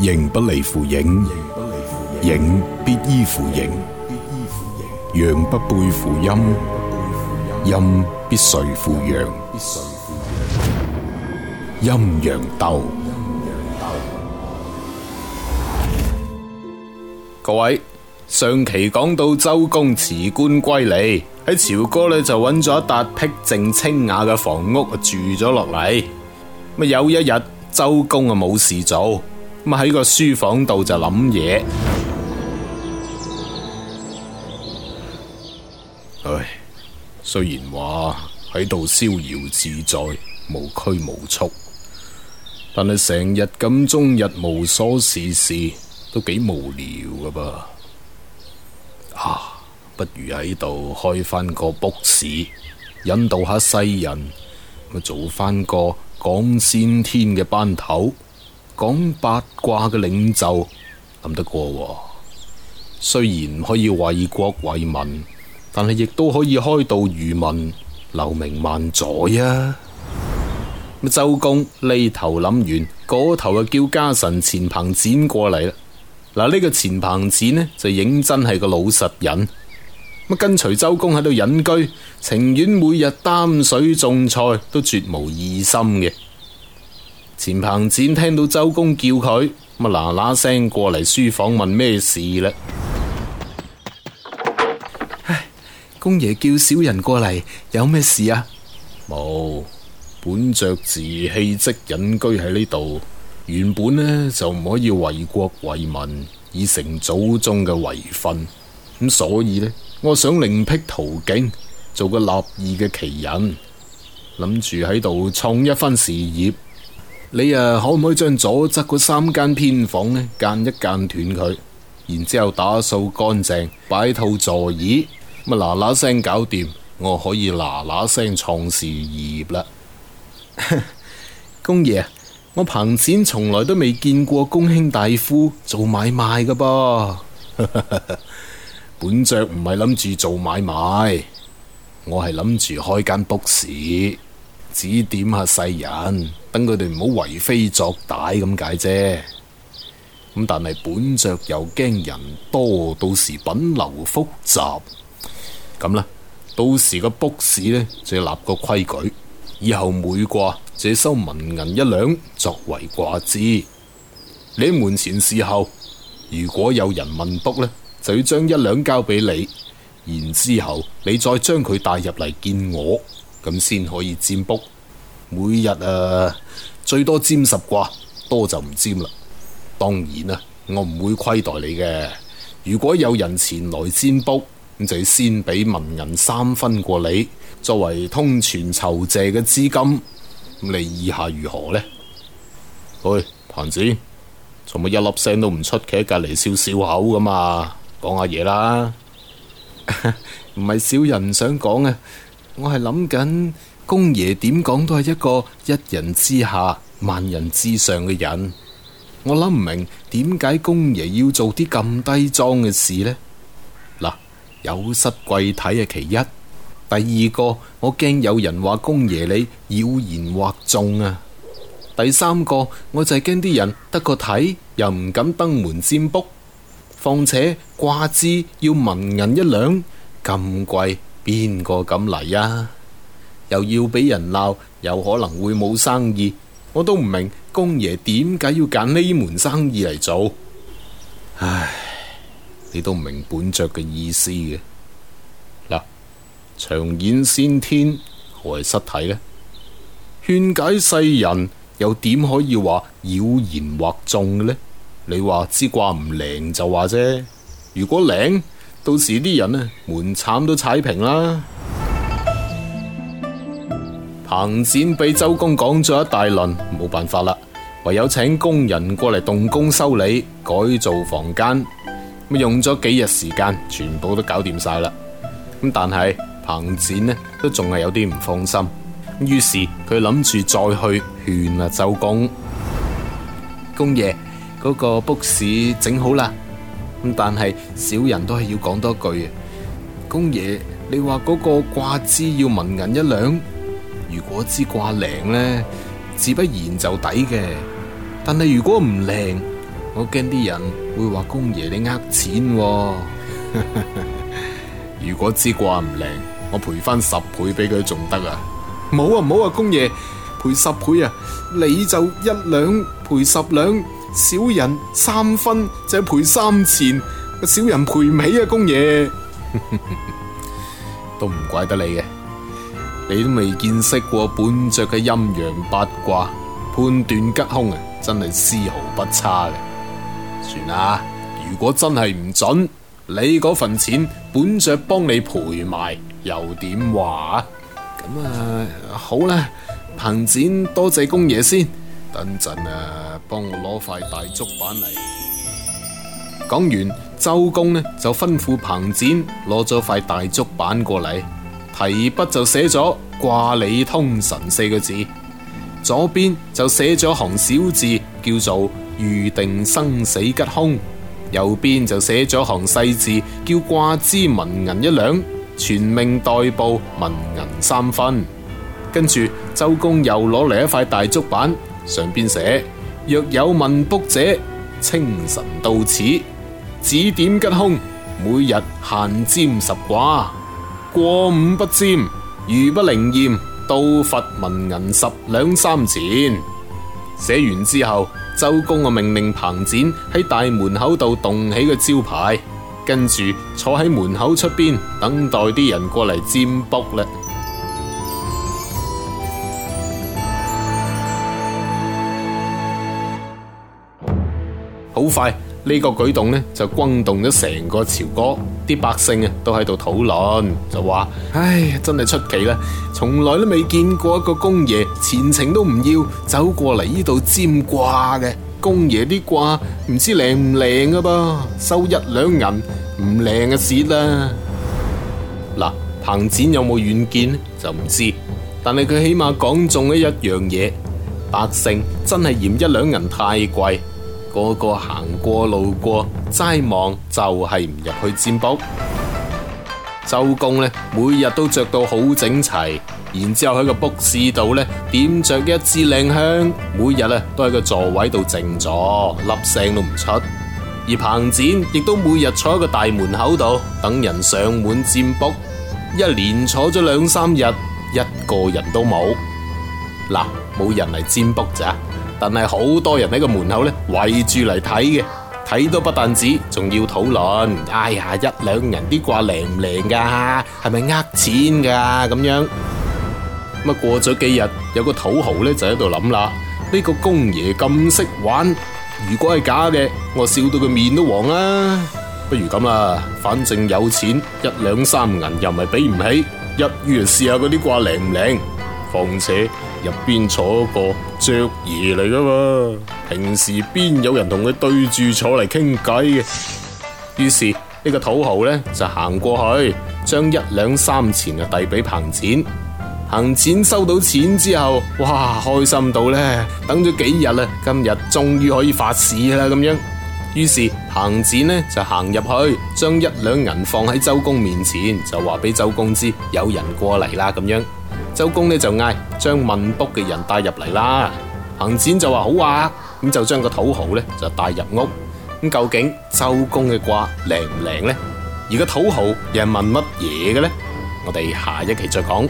形不離乎影，影必依乎形；陽不背乎陰，陰必隨乎陽。陰陽鬥。各位，上期講到周公辭官歸嚟喺朝歌咧，就揾咗一笪僻靜清雅嘅房屋住咗落嚟。咁啊，有一日周公啊冇事做。咁喺個書房度就諗嘢。唉，雖然話喺度逍遙自在，無拘無束，但係成日咁終日無所事事，都幾無聊噶噃。啊，不如喺度開翻個卜肆，引導下世人，咁做翻個講先天嘅班頭。講八卦嘅領袖諗得過，雖然可以為國為民，但係亦都可以開導愚民，留名萬載啊！咁周公呢頭諗完，嗰頭就叫家臣彭剪過嚟啦。嗱，呢個彭剪呢就認真係個老實人，跟隨周公喺度隱居，情願每日擔水種菜，都絕無異心嘅。錢彭剪聽到周公叫佢，咁啊嗱嗱聲過嚟，書房問咩事呢？公爺叫小人過嚟，有咩事啊？冇，本着自棄職隱居喺呢度，原本呢就唔可以為國為民，以成祖宗嘅遺訓，咁所以呢，我想另闢途徑，做個立意嘅奇人，諗住喺度創一番事業。你啊，可唔可以將左側嗰三間偏房呢間一間斷佢，然之後打掃乾淨，擺套座椅，咁嗱嗱聲搞掂，我可以嗱嗱聲創事業啦。 公爺，我彭剪從來都未見過公卿大夫做買賣噶噃。 本爵唔係諗住做買賣，我係諗住開間卜肆，指點下世人。等佢哋唔好為非作歹咁解啫。咁但係本爵又驚人多，到時品流複雜。咁啦，到時個卜肆呢，就要立個規矩，以後每卦就要收文銀一兩作為卦資。你喺門前侍候，如果有人問卜呢，就要將一兩交俾你，然之後你再將佢帶入嚟見我，咁先可以占卜。每日啊，最多占十卦，多就唔占啦。當然啦、啊，我唔會虧待你嘅。如果有人前來占卜，咁就要先俾文銀三分過你，作為通傳酬謝嘅資金。你意下如何呢？喂，彭子，做乜一粒聲都唔出，企喺隔籬笑笑口咁嘛，講下嘢啦，唔係小人唔想講啊，我係諗緊。公爺點講都係一個一人之下萬人之上嘅人，我諗唔明點解公爺要做啲咁低莊嘅事呢？嗱，有失貴體啊，其一；第二個，我驚有人話公爺你妖言惑眾啊；第三個，我就係驚啲人得個睇又唔敢登門占卜，況且卦資要文銀一兩咁貴，邊個敢嚟啊？又要俾人鬧，又可能會冇生意。我都唔明公爺點解要揀呢門生意嚟做。唉，你都唔明本着嘅意思嘅嗱，長演先天何謂失體呢。勸解世人又點可以話妖言惑眾嘅咧？你話之卦唔靈就話啫，如果靈，到時啲人呢門檻都踩平啦。彭剪俾周公講咗一大輪，冇辦法啦，唯有請工人過嚟動工修理改造房間。咁用咗幾日時間，全部都搞掂晒啦。咁但係彭剪呢，都仲係有啲唔放心。咁於是佢諗住再去勸啊周公。公爺，嗰個卜肆整好啦。咁但係小人都係要講多句。公爺，你話嗰個卦資要紋銀一兩？如果支卦靈咧，自不然就抵嘅。但係如果唔靈，我驚啲人會話公爺你呃錢。哦。 如果支卦唔靈，我賠翻十倍俾佢仲得啊！冇啊冇啊，公爺賠十倍啊！你就一兩賠十兩，小人三分就賠三錢，小人賠唔起啊！公爺 都唔怪得你嘅。你都未見識過本爵嘅陰陽八卦，判斷吉凶啊，真係絲毫不差嘅。算啦，如果真係唔準，你嗰份錢本爵幫你賠埋，又點話啊？咁啊，好啦，彭剪多謝公爺先。等陣啊，幫我攞塊大竹板嚟。講完，周公呢就吩咐彭剪攞咗塊大竹板過嚟。提筆就寫咗卦理通神四個字，左邊就寫咗行小字叫做預定生死吉凶，右邊就寫咗行細字叫卦資文銀一兩，全命代報文銀三分。跟住周公又攞嚟一塊大竹板，上邊寫若有問卜者，清晨到此指點吉凶，每日限占十卦。過五不沾，如不靈驗，到罰文銀十兩三錢。寫完之後，周公啊命令彭剪喺大門口度動起個招牌，跟住坐喺門口出邊等待啲人過嚟占卜嘞。好 快。呢個舉動呢，就轟動咗成個朝歌。啲百姓啊都喺度討論，就話：唉，真係出奇啦！從來都未見過一個公爺前程都唔要走過嚟，呢度占卦嘅，公爺啲卦唔知靚唔靚噶噃，收一兩銀唔靚嘅事啦。嗱、啊，彭剪有冇遠見呢就唔知，但係佢起碼講中咗一樣嘢，百姓真係嫌一兩銀太貴。個個行過路過，齋望就係唔入去占卜。周公咧，每日都着到好整齊，然之後喺個卜肆度咧點着一支靚香，每日咧都喺個座位度靜坐，粒聲都唔出。而彭剪亦都每日坐喺個大門口度等人上門占卜，一連坐咗兩三日，一個人都冇。嗱，冇人嚟占卜咋？但係好多人喺個門口咧圍住嚟睇嘅，睇都不但止，仲要討論。哎呀，一兩銀啲卦靈唔靈噶，係咪呃錢噶咁、啊、樣？咁啊過咗幾日，有個土豪咧就喺度諗啦，呢、這個公爺咁識玩，如果係假嘅，我笑到佢面都黃啦、啊。不如咁啦，反正有錢一兩三銀又唔係畀唔起，一於試下嗰啲卦靈唔靈，況且。入邊坐個爵爺嚟噶嘛，平時邊有人同佢對住坐嚟傾偈嘅？於是呢個土豪呢就行過去，將一兩三錢啊遞俾彭剪。彭剪收到錢之後，哇，開心到呢，等咗幾日啦，今日終於可以發市啦咁樣。於是彭剪呢就行入去，將一兩銀放喺周公面前，就話俾周公知有人過嚟啦咁樣。周公咧就嗌將問卜嘅人帶入嚟啦，彭剪就話好啊，咁就將個土豪咧就帶入屋，咁究竟周公嘅卦靈唔靈呢？而個土豪又係問乜嘢嘅呢？我哋下一期再講。